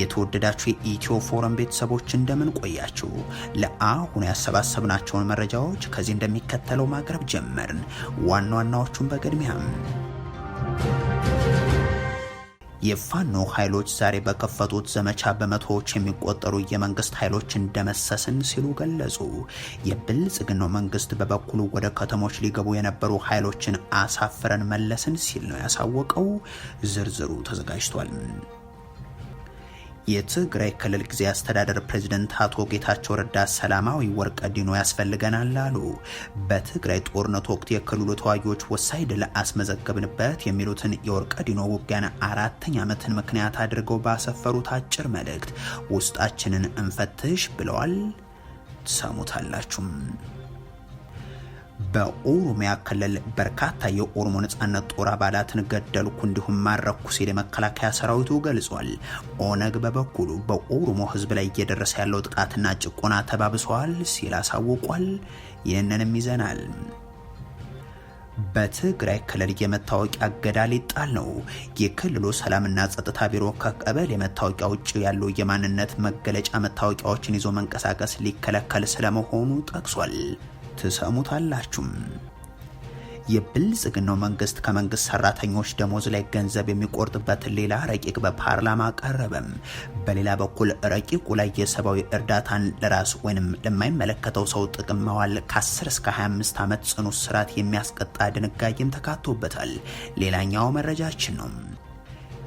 የተወደዳችሁ የኢትዮ ፎረም ቤተሰቦች እንደምን ቆያችሁ? ለአሁን ያሰባሰብናቸውን መረጃዎች ከዚህ እንደሚከተለው ማቅረብ ጀመርን። ዋና ዋናዎቹን በቅድሚያም የፋኖ ኃይሎች ዛሬ በከፈቱት ዘመቻ በመቶዎች የሚቆጠሩ የመንግስት ኃይሎች እንደመሰስን ሲሉ ገለጹ። የብልጽግናው መንግስት በበኩሉ ወደ ከተሞች ሊገቡ የነበሩ ኃይሎችን አሳፍረን መለስን ሲል ነው ያሳወቀው። ዝርዝሩ ተዘጋጅቷል። የትግራይ ክልል ጊዜ አስተዳደር ፕሬዚደንት አቶ ጌታቸው ረዳ ሰላማዊ ወርቀ ዲኖ ያስፈልገናል አሉ። በትግራይ ጦርነት ወቅት የክልሉ ተዋጊዎች ወሳኝ ድል አስመዘገብንበት የሚሉትን የወርቀ ዲኖ ውጊያን አራተኛ ዓመትን ምክንያት አድርገው ባሰፈሩት አጭር መልእክት ውስጣችንን እንፈትሽ ብለዋል። ሰሙታላችሁም። በኦሮሚያ ክልል በርካታ የኦሮሞ ነጻነት ጦር አባላትን ገደልኩ እንዲሁም ማረኩ ሲል የመከላከያ ሰራዊቱ ገልጿል። ኦነግ በበኩሉ በኦሮሞ ህዝብ ላይ እየደረሰ ያለው ጥቃትና ጭቆና ተባብሰዋል ሲል አሳውቋል። ይህንንም ይዘናል። በትግራይ ክልል የመታወቂያ እገዳ ሊጣል ነው። የክልሉ ሰላምና ጸጥታ ቢሮ ከቀበሌ የመታወቂያ ውጭ ያሉ የማንነት መገለጫ መታወቂያዎችን ይዞ መንቀሳቀስ ሊከለከል ስለመሆኑ ጠቅሷል። ትሰሙታላችሁም። የብልጽግናው መንግስት ከመንግስት ሰራተኞች ደሞዝ ላይ ገንዘብ የሚቆርጥበትን ሌላ ረቂቅ በፓርላማ ቀረበም። በሌላ በኩል ረቂቁ ላይ የሰብአዊ እርዳታን ለራሱ ወይንም ለማይመለከተው ሰው ጥቅም መዋል ከ10 እስከ 25 ዓመት ጽኑ እስራት የሚያስቀጣ ድንጋጌም ተካቶበታል። ሌላኛው መረጃችን ነው።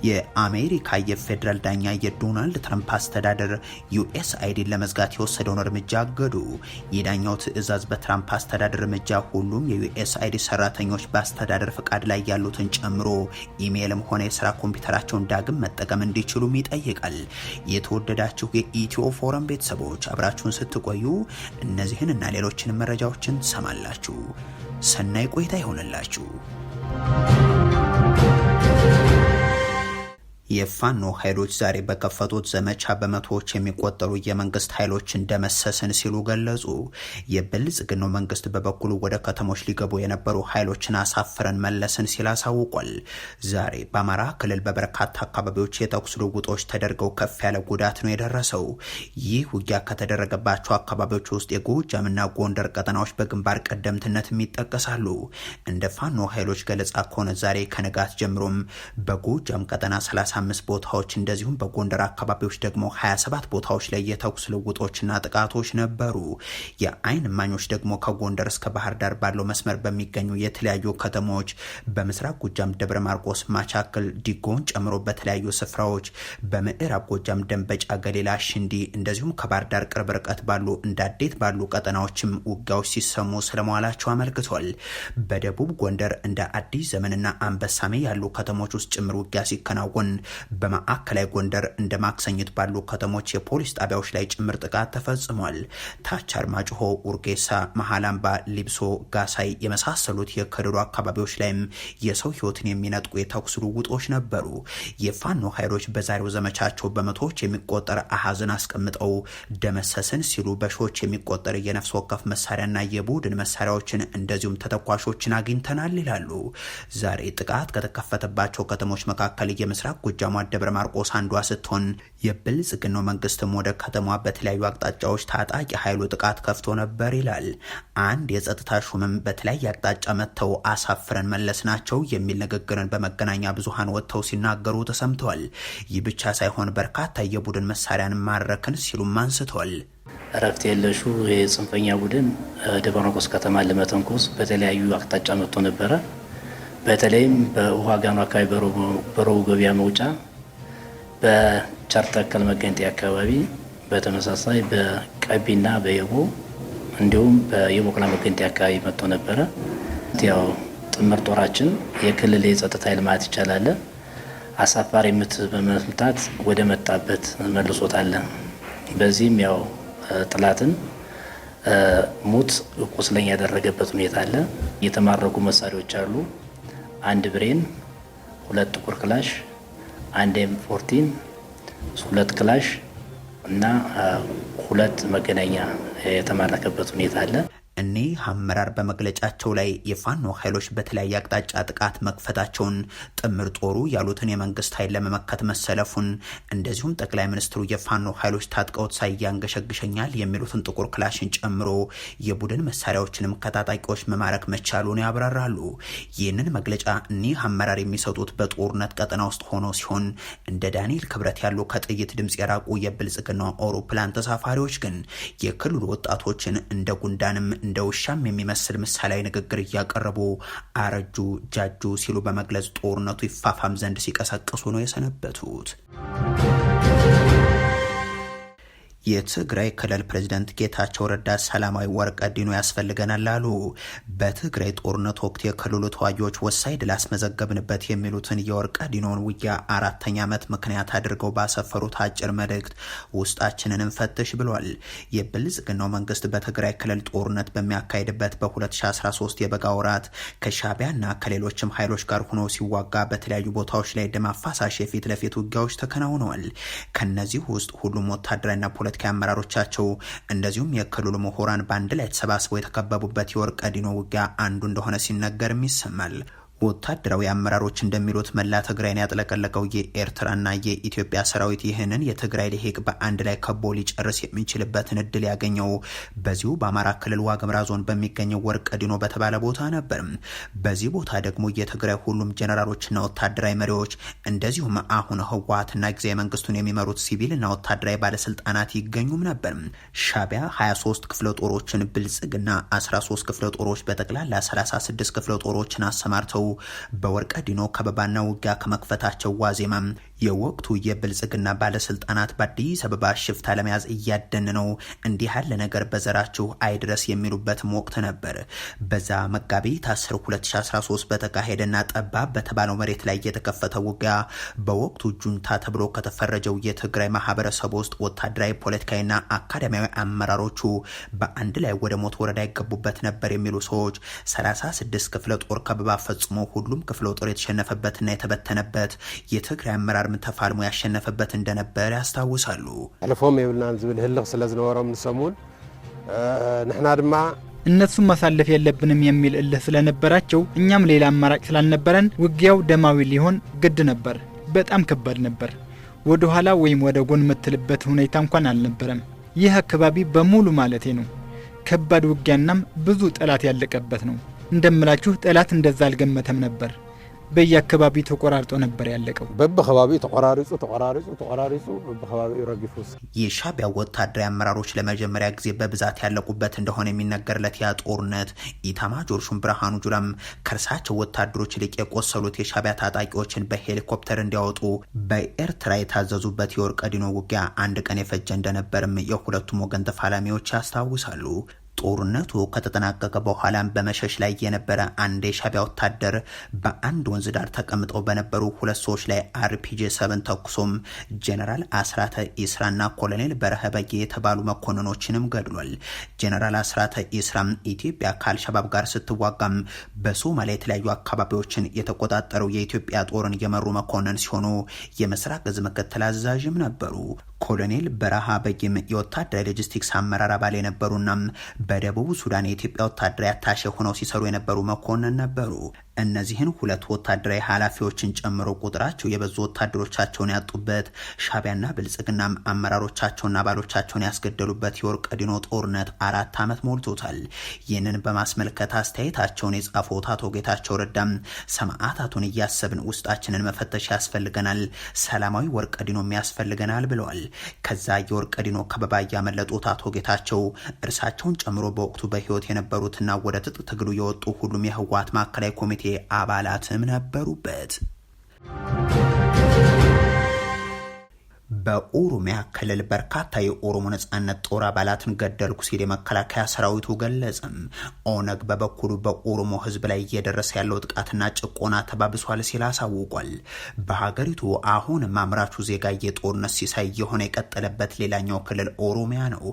የአሜሪካ የፌዴራል ዳኛ የዶናልድ ትራምፕ አስተዳደር ዩኤስ አይዲን ለመዝጋት የወሰደውን እርምጃ አገዱ። የዳኛው ትዕዛዝ በትራምፕ አስተዳደር እርምጃ ሁሉም የዩኤስ አይዲ ሰራተኞች በአስተዳደር ፍቃድ ላይ ያሉትን ጨምሮ ኢሜይልም ሆነ የስራ ኮምፒውተራቸውን ዳግም መጠቀም እንዲችሉም ይጠይቃል። የተወደዳችሁ የኢትዮ ፎረም ቤተሰቦች አብራችሁን ስትቆዩ እነዚህን እና ሌሎችንም መረጃዎችን ሰማላችሁ። ሰናይ ቆይታ ይሆንላችሁ። የፋኖ ኃይሎች ዛሬ በከፈቱት ዘመቻ በመቶዎች የሚቆጠሩ የመንግስት ኃይሎች እንደመሰስን ሲሉ ገለጹ። የብልጽግናው መንግስት በበኩሉ ወደ ከተሞች ሊገቡ የነበሩ ኃይሎችን አሳፍረን መለስን ሲል አሳውቋል። ዛሬ በአማራ ክልል በበርካታ አካባቢዎች የተኩስ ልውውጦች ተደርገው ከፍ ያለ ጉዳት ነው የደረሰው። ይህ ውጊያ ከተደረገባቸው አካባቢዎች ውስጥ የጎጃምና ጎንደር ቀጠናዎች በግንባር ቀደምትነትም ይጠቀሳሉ። እንደ ፋኖ ኃይሎች ገለጻ ከሆነ ዛሬ ከንጋት ጀምሮም በጎጃም ቀጠና 25 ቦታዎች እንደዚሁም በጎንደር አካባቢዎች ደግሞ 27 ቦታዎች ላይ የተኩስ ልውጦችና ጥቃቶች ነበሩ። የአይን እማኞች ደግሞ ከጎንደር እስከ ባህር ዳር ባለው መስመር በሚገኙ የተለያዩ ከተሞች በምስራቅ ጎጃም ደብረ ማርቆስ፣ ማቻክል፣ ዲጎን ጨምሮ በተለያዩ ስፍራዎች በምዕራብ ጎጃም ደንበጫ፣ ገሌላ፣ ሽንዲ እንደዚሁም ከባህር ዳር ቅርብ ርቀት ባሉ እንዳዴት ባሉ ቀጠናዎችም ውጊያዎች ሲሰሙ ስለመዋላቸው አመልክቷል። በደቡብ ጎንደር እንደ አዲስ ዘመንና አንበሳሜ ያሉ ከተሞች ውስጥ ጭምር ውጊያ ሲከናወን በማዕከላዊ ጎንደር እንደ ማክሰኝት ባሉ ከተሞች የፖሊስ ጣቢያዎች ላይ ጭምር ጥቃት ተፈጽሟል። ታች አርማጭሆ፣ ኡርጌሳ መሃላምባ፣ ሊብሶ፣ ጋሳይ የመሳሰሉት የክልሉ አካባቢዎች ላይም የሰው ህይወትን የሚነጥቁ የተኩስ ልውውጦች ነበሩ። የፋኖ ኃይሎች በዛሬው ዘመቻቸው በመቶዎች የሚቆጠር አሃዝን አስቀምጠው ደመሰስን ሲሉ በሺዎች የሚቆጠር የነፍስ ወከፍ መሳሪያና የቡድን መሳሪያዎችን እንደዚሁም ተተኳሾችን አግኝተናል ይላሉ። ዛሬ ጥቃት ከተከፈተባቸው ከተሞች መካከል የምስራቅ የጎጃሟ ደብረ ማርቆስ አንዷ ስትሆን የብልጽግናው መንግስትም ወደ ከተማ በተለያዩ አቅጣጫዎች ታጣቂ ኃይሉ ጥቃት ከፍቶ ነበር ይላል። አንድ የጸጥታ ሹምም በተለያየ አቅጣጫ መጥተው አሳፍረን መለስ ናቸው የሚል ንግግርን በመገናኛ ብዙሃን ወጥተው ሲናገሩ ተሰምተዋል። ይህ ብቻ ሳይሆን በርካታ የቡድን መሳሪያን ማረክን ሲሉም አንስተዋል። እረፍት የለሹ የጽንፈኛ ቡድን ደብረ ማርቆስ ለመተንኮስ በተለያዩ አቅጣጫ መጥቶ ነበረ። በተለይም በውሃ ጋኑ አካባቢ በሮቡ ገበያ መውጫ፣ በቻርተከል መገንጤ አካባቢ በተመሳሳይ በቀቢና በየቦ እንዲሁም በየቦቅላ መገንጤ አካባቢ መጥቶ ነበረ። ያው ጥምር ጦራችን የክልል የጸጥታ ኃይል ማለት ይቻላል አሳፋሪ ምት በመምታት ወደ መጣበት መልሶታል። በዚህም ያው ጥላትን ሙት ቁስለኛ ያደረገበት ሁኔታ አለ። የተማረኩ መሳሪያዎች አሉ። አንድ ብሬን፣ ሁለት ጥቁር ክላሽ፣ አንድ ኤም ፎርቲን፣ ሁለት ክላሽ እና ሁለት መገናኛ የተማረከበት ሁኔታ አለ። እኒህ አመራር በመግለጫቸው ላይ የፋኖ ኃይሎች በተለያየ አቅጣጫ ጥቃት መክፈታቸውን ጥምር ጦሩ ያሉትን የመንግስት ኃይል ለመመከት መሰለፉን እንደዚሁም ጠቅላይ ሚኒስትሩ የፋኖ ኃይሎች ታጥቀውት ሳያንገሸግሸኛል የሚሉትን ጥቁር ክላሽን ጨምሮ የቡድን መሳሪያዎችንም ከታጣቂዎች መማረክ መቻሉን ያብራራሉ። ይህንን መግለጫ እኒህ አመራር የሚሰጡት በጦርነት ቀጠና ውስጥ ሆኖ ሲሆን እንደ ዳንኤል ክብረት ያሉ ከጥይት ድምፅ የራቁ የብልጽግና አውሮፕላን ተሳፋሪዎች ግን የክልሉ ወጣቶችን እንደ ጉንዳንም እንደ ውሻም የሚመስል ምሳሌያዊ ንግግር እያቀረቡ አረጁ ጃጁ ሲሉ በመግለጽ ጦርነቱ ይፋፋም ዘንድ ሲቀሰቅሱ ነው የሰነበቱት። የትግራይ ክልል ፕሬዚደንት ጌታቸው ረዳ ሰላማዊ ወርቀ ዲኑ ያስፈልገናል አሉ። በትግራይ ጦርነት ወቅት የክልሉ ተዋጊዎች ወሳኝ ድል አስመዘገብንበት የሚሉትን የወርቀ ዲኖን ውጊያ አራተኛ ዓመት ምክንያት አድርገው ባሰፈሩት አጭር መልእክት ውስጣችንንም ፈትሽ ብሏል። የብልጽግናው መንግስት በትግራይ ክልል ጦርነት በሚያካሄድበት በ2013 የበጋ ወራት ከሻቢያና ከሌሎችም ኃይሎች ጋር ሆኖ ሲዋጋ በተለያዩ ቦታዎች ላይ ደም አፋሳሽ የፊት ለፊት ውጊያዎች ተከናውነዋል። ከነዚህ ውስጥ ሁሉም ወታደራዊና የፖለቲካ አመራሮቻቸው እንደዚሁም የክልሉ ምሁራን በአንድ ላይ ተሰባስበው የተከበቡበት የወርቀ ዲኖ ውጊያ አንዱ እንደሆነ ሲነገርም ይሰማል። ወታደራዊ አመራሮች እንደሚሉት መላ ትግራይን ያጥለቀለቀው የኤርትራና የኢትዮጵያ ሰራዊት ይህንን የትግራይ ልሂቅ በአንድ ላይ ከቦ ሊጨርስ የሚችልበትን እድል ያገኘው በዚሁ በአማራ ክልል ዋግምራ ዞን በሚገኘው ዲኖ በተባለ ቦታ ነበር። በዚህ ቦታ ደግሞ የትግራይ ሁሉም ጀነራሎችና ወታደራዊ መሪዎች እንደዚሁም አሁን ህወሀትና ጊዜያዊ መንግስቱን የሚመሩት ሲቪልና ወታደራዊ ባለስልጣናት ይገኙም ነበር። ሻቢያ 23 ክፍለ ጦሮችን፣ ብልጽግና 13 ክፍለ ጦሮች በጠቅላላ 36 ክፍለ ጦሮችን አሰማርተው በወርቀ ዲኖ ከበባና ውጊያ ከመክፈታቸው ዋዜማ የወቅቱ የብልጽግና ባለስልጣናት በአዲስ አበባ ሽፍታ ለመያዝ እያደን ነው። እንዲህ ያለ ነገር በዘራችሁ አይድረስ የሚሉበትም ወቅት ነበር። በዛ መጋቢት 10 2013 በተካሄደና ጠባብ በተባለው መሬት ላይ የተከፈተ ውጊያ በወቅቱ ጁንታ ተብሎ ከተፈረጀው የትግራይ ማህበረሰብ ውስጥ ወታደራዊ፣ ፖለቲካዊና አካዳሚያዊ አመራሮቹ በአንድ ላይ ወደ ሞት ወረዳ ይገቡበት ነበር የሚሉ ሰዎች 36 ክፍለ ጦር ከበባ ፈጽሞ ሁሉም ክፍለ ጦር የተሸነፈበትና የተበተነበት የትግራይ አመራር ጋርም ተፋልሞ ያሸነፈበት እንደነበር ያስታውሳሉ። አልፎም የብልና ዝብል ህልቅ ስለ ንሰሙን ንሕና ድማ እነሱ ማሳለፍ የለብንም የሚል እልህ ስለነበራቸው እኛም ሌላ አማራጭ ስላልነበረን ውጊያው ደማዊ ሊሆን ግድ ነበር። በጣም ከባድ ነበር። ወደ ኋላ ወይም ወደ ጎን የምትልበት ሁኔታ እንኳን አልነበረም። ይህ አካባቢ በሙሉ ማለቴ ነው። ከባድ ውጊያናም ብዙ ጠላት ያለቀበት ነው። እንደምላችሁ ጠላት እንደዛ አልገመተም ነበር። በየአካባቢ ተቆራርጦ ነበር ያለቀው። በበከባቢ ተቆራርጹ ተቆራርጹ ተቆራርጹ በበከባቢ ረጊፉስ የሻዕቢያ ወታደራዊ አመራሮች ለመጀመሪያ ጊዜ በብዛት ያለቁበት እንደሆነ የሚነገርለት ያ ጦርነት ኢታማዦር ሹም ብርሃኑ ጁላም ከእርሳቸው ወታደሮች ይልቅ የቆሰሉት የሻቢያ ታጣቂዎችን በሄሊኮፕተር እንዲያወጡ በኤርትራ የታዘዙበት የወርቀ ውጊያ አንድ ቀን የፈጀ እንደነበርም የሁለቱም ወገን ተፋላሚዎች ያስታውሳሉ። ጦርነቱ ከተጠናቀቀ በኋላም በመሸሽ ላይ የነበረ አንድ የሻቢያ ወታደር በአንድ ወንዝ ዳር ተቀምጠው በነበሩ ሁለት ሰዎች ላይ አርፒጂ ሰብን ተኩሶም ጀነራል አስራተ ኢስራና ኮሎኔል በረሀ የተባሉ መኮንኖችንም ገድሏል። ጀነራል አስራተ ኢስራም ኢትዮጵያ ከአልሸባብ ጋር ስትዋጋም በሶማሊያ የተለያዩ አካባቢዎችን የተቆጣጠረው የኢትዮጵያ ጦርን የመሩ መኮንን ሲሆኑ የምስራቅ እዝ ምክትል አዛዥም ነበሩ። ኮሎኔል በረሃ በጊም የወታደራዊ ሎጂስቲክስ አመራር አባል የነበሩና በደቡብ ሱዳን የኢትዮጵያ ወታደራዊ አታሼ ሆነው ሲሰሩ የነበሩ መኮንን ነበሩ። እነዚህን ሁለት ወታደራዊ ኃላፊዎችን ጨምሮ ቁጥራቸው የበዙ ወታደሮቻቸውን ያጡበት ሻቢያና ብልጽግና አመራሮቻቸውና አባሎቻቸውን ያስገደሉበት የወርቅ ጦርነት አራት ዓመት ሞልቶታል። ይህንን በማስመልከት አስተያየታቸውን የጻፉት አቶ ጌታቸው ረዳም ሰማዕታቱን እያሰብን ውስጣችንን መፈተሽ ያስፈልገናል፣ ሰላማዊ ወርቅ ያስፈልገናል ብለዋል። ከዛ ዲኖ ከበባ እያመለጡት አቶ ጌታቸው እርሳቸውን ጨምሮ በወቅቱ በህይወት የነበሩትና ወደ ትጥቅ ትግሉ የወጡ ሁሉም የህወሓት ማዕከላዊ ኮሚቴ አባላትም ነበሩበት። በኦሮሚያ ክልል በርካታ የኦሮሞ ነጻነት ጦር አባላትን ገደልኩ ሲል የመከላከያ ሰራዊቱ ገለጸም። ኦነግ በበኩሉ በኦሮሞ ህዝብ ላይ እየደረሰ ያለው ጥቃትና ጭቆና ተባብሷል ሲል አሳውቋል። በሀገሪቱ አሁን አምራቹ ዜጋ የጦርነት ሲሳይ የሆነ የቀጠለበት ሌላኛው ክልል ኦሮሚያ ነው።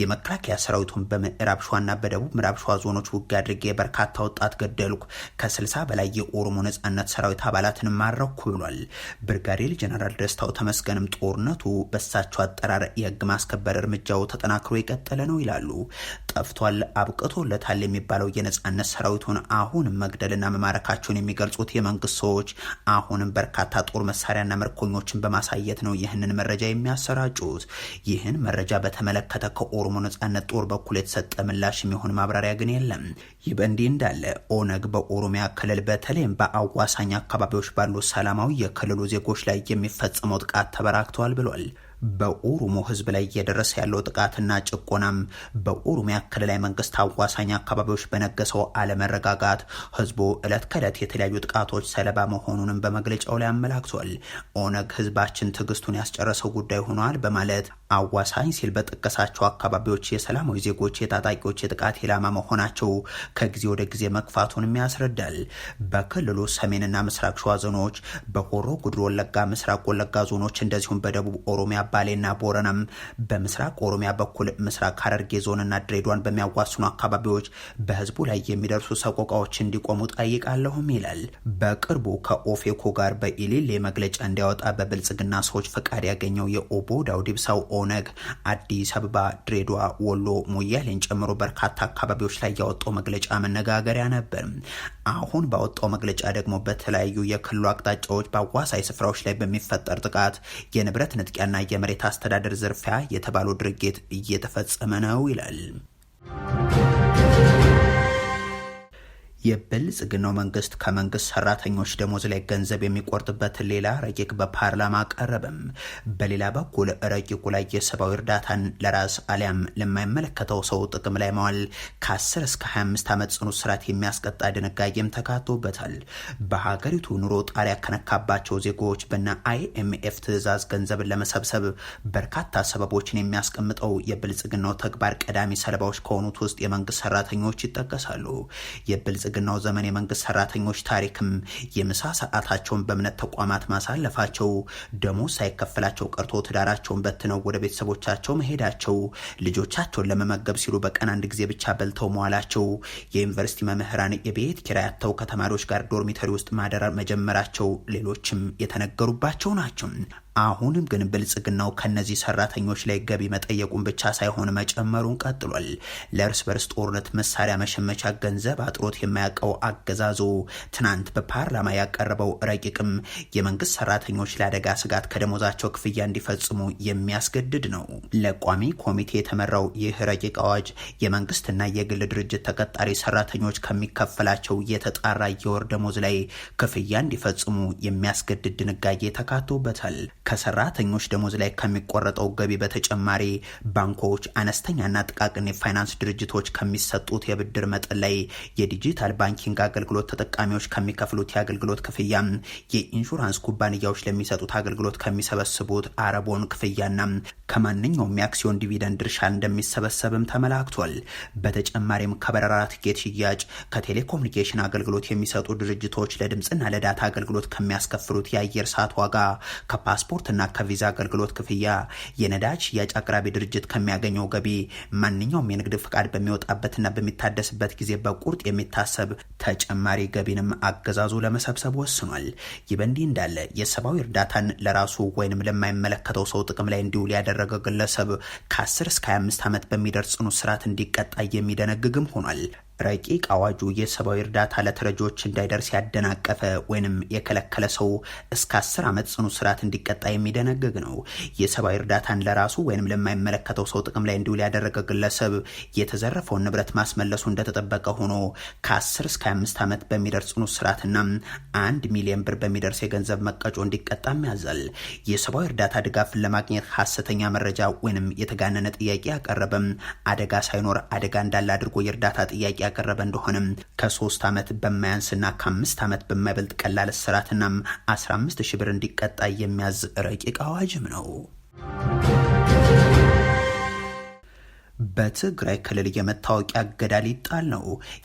የመከላከያ ሰራዊቱን በምዕራብ ሸዋና በደቡብ ምዕራብ ሸዋ ዞኖች ውጊያ አድርጌ በርካታ ወጣት ገደልኩ፣ ከስልሳ በላይ የኦሮሞ ነጻነት ሰራዊት አባላትን ማረኩ ብሏል። ብርጋዴር ጀነራል ደስታው ተመስገንም ጦር ጦርነቱ በሳቸው አጠራር የህግ ማስከበር እርምጃው ተጠናክሮ የቀጠለ ነው ይላሉ። ጠፍቷል፣ አብቅቶለታል የሚባለው የነጻነት ሰራዊቱን አሁን መግደልና መማረካቸውን የሚገልጹት የመንግስት ሰዎች አሁንም በርካታ ጦር መሳሪያና ምርኮኞችን በማሳየት ነው ይህንን መረጃ የሚያሰራጩት። ይህን መረጃ በተመለከተ ከኦሮሞ ነጻነት ጦር በኩል የተሰጠ ምላሽ የሚሆን ማብራሪያ ግን የለም። ይህ በእንዲህ እንዳለ ኦነግ በኦሮሚያ ክልል በተለይም በአዋሳኝ አካባቢዎች ባሉ ሰላማዊ የክልሉ ዜጎች ላይ የሚፈጸመው ጥቃት ተበራክተዋል ተገኝተዋል ብሏል። በኦሮሞ ህዝብ ላይ እየደረሰ ያለው ጥቃትና ጭቆናም በኦሮሚያ ክልላዊ መንግስት አዋሳኝ አካባቢዎች በነገሰው አለመረጋጋት ህዝቡ እለት ከእለት የተለያዩ ጥቃቶች ሰለባ መሆኑንም በመግለጫው ላይ አመላክቷል። ኦነግ ህዝባችን ትዕግስቱን ያስጨረሰው ጉዳይ ሆኗል በማለት አዋሳኝ ሲል በጠቀሳቸው አካባቢዎች የሰላማዊ ዜጎች የታጣቂዎች የጥቃት ኢላማ መሆናቸው ከጊዜ ወደ ጊዜ መግፋቱንም ያስረዳል። በክልሉ ሰሜንና ምስራቅ ሸዋ ዞኖች፣ በሆሮ ጉድሮ ወለጋ፣ ምስራቅ ወለጋ ዞኖች እንደዚሁም በደቡብ ኦሮሚያ ባሌና ቦረናም፣ በምስራቅ ኦሮሚያ በኩል ምስራቅ ሐረርጌ ዞንና ድሬዳዋን በሚያዋስኑ አካባቢዎች በህዝቡ ላይ የሚደርሱ ሰቆቃዎች እንዲቆሙ ጠይቃለሁም ይላል። በቅርቡ ከኦፌኮ ጋር በኢሊሌ መግለጫ እንዲያወጣ በብልጽግና ሰዎች ፈቃድ ያገኘው የኦቦ ዳውድ ኢብሳው ኦነግ አዲስ አበባ፣ ድሬዳዋ፣ ወሎ፣ ሞያሌን ጨምሮ በርካታ አካባቢዎች ላይ ያወጣው መግለጫ መነጋገሪያ ነበር። አሁን ባወጣው መግለጫ ደግሞ በተለያዩ የክልሉ አቅጣጫዎች በአዋሳኝ ስፍራዎች ላይ በሚፈጠር ጥቃት የንብረት ንጥቂያና የመሬት አስተዳደር ዝርፊያ የተባለው ድርጊት እየተፈጸመ ነው ይላል። የብልጽግናው መንግስት ከመንግስት ሰራተኞች ደሞዝ ላይ ገንዘብ የሚቆርጥበት ሌላ ረቂቅ በፓርላማ ቀረበም። በሌላ በኩል ረቂቁ ላይ የሰብአዊ እርዳታን ለራስ አሊያም ለማይመለከተው ሰው ጥቅም ላይ መዋል ከ10 እስከ 25 ዓመት ጽኑ እስራት የሚያስቀጣ ድንጋጌም ተካቶበታል። በሀገሪቱ ኑሮ ጣሪያ ከነካባቸው ዜጎች በነ አይኤምኤፍ ትዕዛዝ ገንዘብን ለመሰብሰብ በርካታ ሰበቦችን የሚያስቀምጠው የብልጽግናው ተግባር ቀዳሚ ሰለባዎች ከሆኑት ውስጥ የመንግስት ሰራተኞች ይጠቀሳሉ። የብልጽግናው ዘመን የመንግስት ሰራተኞች ታሪክም የምሳ ሰዓታቸውን በእምነት ተቋማት ማሳለፋቸው፣ ደሞዝ ሳይከፈላቸው ቀርቶ ትዳራቸውን በትነው ወደ ቤተሰቦቻቸው መሄዳቸው፣ ልጆቻቸውን ለመመገብ ሲሉ በቀን አንድ ጊዜ ብቻ በልተው መዋላቸው፣ የዩኒቨርሲቲ መምህራን የቤት ኪራይ አጥተው ከተማሪዎች ጋር ዶርሚተሪ ውስጥ ማደራ መጀመራቸው፣ ሌሎችም የተነገሩባቸው ናቸው። አሁንም ግን ብልጽግናው ከነዚህ ሰራተኞች ላይ ገቢ መጠየቁን ብቻ ሳይሆን መጨመሩን ቀጥሏል። ለእርስ በርስ ጦርነት መሳሪያ መሸመቻ ገንዘብ አጥሮት የማያውቀው አገዛዙ ትናንት በፓርላማ ያቀረበው ረቂቅም የመንግስት ሰራተኞች ለአደጋ ስጋት ከደሞዛቸው ክፍያ እንዲፈጽሙ የሚያስገድድ ነው። ለቋሚ ኮሚቴ የተመራው ይህ ረቂቅ አዋጅ የመንግስትና የግል ድርጅት ተቀጣሪ ሰራተኞች ከሚከፈላቸው የተጣራ የወር ደሞዝ ላይ ክፍያ እንዲፈጽሙ የሚያስገድድ ድንጋጌ ተካቶበታል። ከሰራተኞች ደሞዝ ላይ ከሚቆረጠው ገቢ በተጨማሪ ባንኮች አነስተኛና ጥቃቅን የፋይናንስ ድርጅቶች ከሚሰጡት የብድር መጠን ላይ የዲጂታል ባንኪንግ አገልግሎት ተጠቃሚዎች ከሚከፍሉት የአገልግሎት ክፍያ፣ የኢንሹራንስ ኩባንያዎች ለሚሰጡት አገልግሎት ከሚሰበስቡት አረቦን ክፍያና ከማንኛውም የአክሲዮን ዲቪደንድ ድርሻ እንደሚሰበሰብም ተመላክቷል። በተጨማሪም ከበረራ ትኬት ሽያጭ፣ ከቴሌኮሙኒኬሽን አገልግሎት የሚሰጡ ድርጅቶች ለድምፅና ለዳታ አገልግሎት ከሚያስከፍሉት የአየር ሰዓት ዋጋ ከፓስፖርት ከፓስፖርትና ከቪዛ አገልግሎት ክፍያ፣ የነዳጅ ሽያጭ አቅራቢ ድርጅት ከሚያገኘው ገቢ ማንኛውም የንግድ ፍቃድ በሚወጣበትና በሚታደስበት ጊዜ በቁርጥ የሚታሰብ ተጨማሪ ገቢንም አገዛዙ ለመሰብሰብ ወስኗል። ይህ በእንዲህ እንዳለ የሰብአዊ እርዳታን ለራሱ ወይንም ለማይመለከተው ሰው ጥቅም ላይ እንዲውል ያደረገ ግለሰብ ከ10 እስከ 25 ዓመት በሚደርስ ጽኑ እስራት እንዲቀጣ የሚደነግግም ሆኗል። ረቂቅ አዋጁ የሰብአዊ እርዳታ ለተረጆች እንዳይደርስ ያደናቀፈ ወይንም የከለከለ ሰው እስከ አስር ዓመት ጽኑ ስርዓት እንዲቀጣ የሚደነግግ ነው። የሰብአዊ እርዳታን ለራሱ ወይንም ለማይመለከተው ሰው ጥቅም ላይ እንዲውል ያደረገ ግለሰብ የተዘረፈውን ንብረት ማስመለሱ እንደተጠበቀ ሆኖ ከአስር እስከ አምስት ዓመት በሚደርስ ጽኑ ስርዓትና አንድ ሚሊዮን ብር በሚደርስ የገንዘብ መቀጮ እንዲቀጣም ያዛል። የሰብአዊ እርዳታ ድጋፍን ለማግኘት ሀሰተኛ መረጃ ወይንም የተጋነነ ጥያቄ ያቀረበም አደጋ ሳይኖር አደጋ እንዳለ አድርጎ የእርዳታ ጥያቄ ያቀረበ እንደሆነም ከሶስት ዓመት በማያንስና ከአምስት ዓመት በማይበልጥ ቀላል እስራትና 15 ሺህ ብር እንዲቀጣ የሚያዝ ረቂቅ አዋጅም ነው። በትግራይ ክልል የመታወቂያ እገዳ ሊጣል ነው።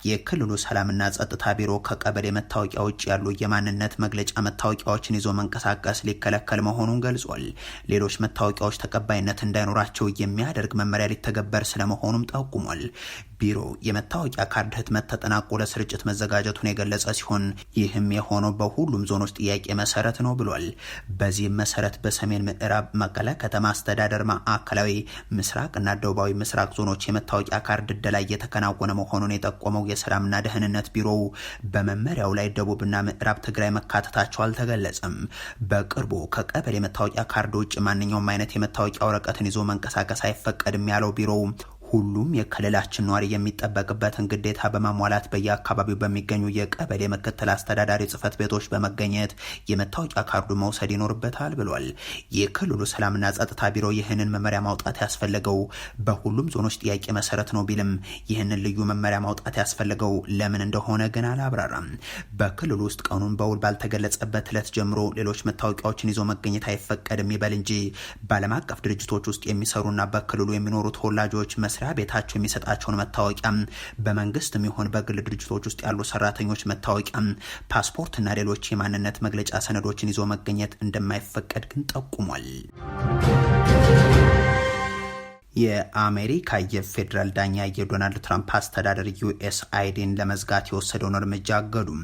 የክልሉ ሰላምና ጸጥታ ቢሮ ከቀበሌ መታወቂያ ውጭ ያሉ የማንነት መግለጫ መታወቂያዎችን ይዞ መንቀሳቀስ ሊከለከል መሆኑን ገልጿል። ሌሎች መታወቂያዎች ተቀባይነት እንዳይኖራቸው የሚያደርግ መመሪያ ሊተገበር ስለመሆኑም ጠቁሟል። ቢሮ የመታወቂያ ካርድ ህትመት ተጠናቆ ለስርጭት መዘጋጀቱን የገለጸ ሲሆን ይህም የሆነው በሁሉም ዞኖች ጥያቄ መሰረት ነው ብሏል። በዚህም መሰረት በሰሜን ምዕራብ መቀለ ከተማ አስተዳደር ማዕከላዊ ምስራቅና ደቡባዊ ምስራቅ ዞኖች የመታወቂያ ካርድ እደላ እየተከናወነ መሆኑን የጠቆመው የሰላምና ደህንነት ቢሮው በመመሪያው ላይ ደቡብና ምዕራብ ትግራይ መካተታቸው አልተገለጸም። በቅርቡ ከቀበሌ የመታወቂያ ካርድ ውጭ ማንኛውም አይነት የመታወቂያ ወረቀትን ይዞ መንቀሳቀስ አይፈቀድም ያለው ቢሮው ሁሉም የክልላችን ነዋሪ የሚጠበቅበትን ግዴታ በማሟላት በየአካባቢው በሚገኙ የቀበሌ ምክትል አስተዳዳሪ ጽህፈት ቤቶች በመገኘት የመታወቂያ ካርዱ መውሰድ ይኖርበታል ብሏል። የክልሉ ሰላምና ጸጥታ ቢሮ ይህንን መመሪያ ማውጣት ያስፈለገው በሁሉም ዞኖች ጥያቄ መሰረት ነው ቢልም ይህንን ልዩ መመሪያ ማውጣት ያስፈለገው ለምን እንደሆነ ግን አላብራራም። በክልሉ ውስጥ ቀኑን በውል ባልተገለጸበት እለት ጀምሮ ሌሎች መታወቂያዎችን ይዞ መገኘት አይፈቀድም ይበል እንጂ በዓለም አቀፍ ድርጅቶች ውስጥ የሚሰሩና በክልሉ የሚኖሩ ተወላጆች መስ መስሪያ ቤታቸው የሚሰጣቸውን መታወቂያ በመንግስት የሚሆን በግል ድርጅቶች ውስጥ ያሉ ሰራተኞች መታወቂያ፣ ፓስፖርትና ሌሎች የማንነት መግለጫ ሰነዶችን ይዞ መገኘት እንደማይፈቀድ ግን ጠቁሟል። የአሜሪካ የፌዴራል ዳኛ የዶናልድ ትራምፕ አስተዳደር ዩኤስ አይዲን ለመዝጋት የወሰደውን እርምጃ አገዱም።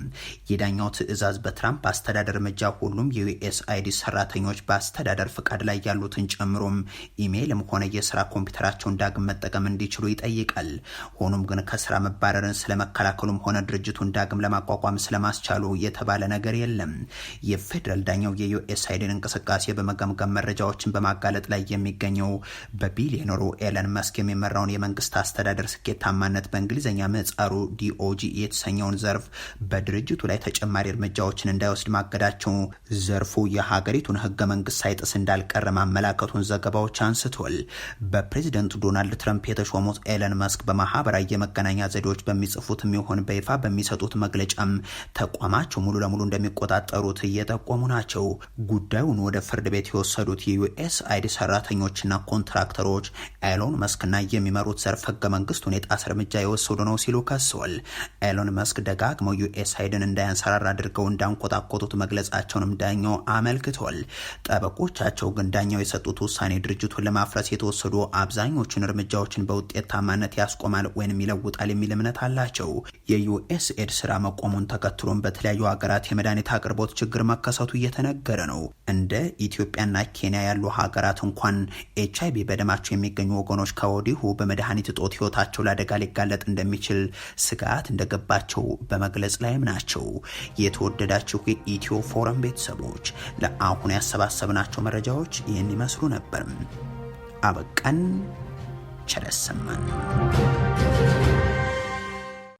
የዳኛው ትዕዛዝ በትራምፕ አስተዳደር እርምጃ ሁሉም የዩኤስ አይዲ ሰራተኞች በአስተዳደር ፍቃድ ላይ ያሉትን ጨምሮም ኢሜይልም ሆነ የስራ ኮምፒውተራቸውን ዳግም መጠቀም እንዲችሉ ይጠይቃል። ሆኖም ግን ከስራ መባረርን ስለመከላከሉም ሆነ ድርጅቱን ዳግም ለማቋቋም ስለማስቻሉ የተባለ ነገር የለም። የፌዴራል ዳኛው የዩኤስ አይዲን እንቅስቃሴ በመገምገም መረጃዎችን በማጋለጥ ላይ የሚገኘው በቢሊዮን ጀነሩ ኤለን መስክ የሚመራውን የመንግስት አስተዳደር ስኬታማነት በእንግሊዝኛ ምህጻሩ ዲኦጂ የተሰኘውን ዘርፍ በድርጅቱ ላይ ተጨማሪ እርምጃዎችን እንዳይወስድ ማገዳቸው ዘርፉ የሀገሪቱን ህገ መንግስት ሳይጥስ እንዳልቀረ ማመላከቱን ዘገባዎች አንስቷል። በፕሬዚደንቱ ዶናልድ ትረምፕ የተሾሙት ኤለን መስክ በማህበራዊ የመገናኛ ዘዴዎች በሚጽፉት የሚሆን በይፋ በሚሰጡት መግለጫም ተቋማቸው ሙሉ ለሙሉ እንደሚቆጣጠሩት እየጠቆሙ ናቸው። ጉዳዩን ወደ ፍርድ ቤት የወሰዱት የዩኤስ አይዲ ሰራተኞችና ኮንትራክተሮች ኤሎን መስክና የሚመሩት ዘርፍ ህገ መንግስቱን የጣሰ እርምጃ የወሰዱ ነው ሲሉ ከሰዋል። ኤሎን መስክ ደጋግመው ዩኤስ አይድን እንዳያንሰራራ አድርገው እንዳንቆጣቆጡት መግለጻቸውንም ዳኛው አመልክተዋል። ጠበቆቻቸው ግን ዳኛው የሰጡት ውሳኔ ድርጅቱን ለማፍረስ የተወሰዱ አብዛኞቹን እርምጃዎችን በውጤታማነት ያስቆማል ወይንም ይለውጣል የሚል እምነት አላቸው። የዩኤስ ኤድ ስራ መቆሙን ተከትሎም በተለያዩ ሀገራት የመድኃኒት አቅርቦት ችግር መከሰቱ እየተነገረ ነው። እንደ ኢትዮጵያና ኬንያ ያሉ ሀገራት እንኳን ኤች አይቪ በደማቸው የሚ የሚገኙ ወገኖች ከወዲሁ በመድኃኒት እጦት ህይወታቸው ለአደጋ ሊጋለጥ እንደሚችል ስጋት እንደገባቸው በመግለጽ ላይም ናቸው። የተወደዳችሁ የኢትዮ ፎረም ቤተሰቦች ለአሁን ያሰባሰብናቸው መረጃዎች ይህን ይመስሉ ነበር። አበቃን። ቸር ያሰማን።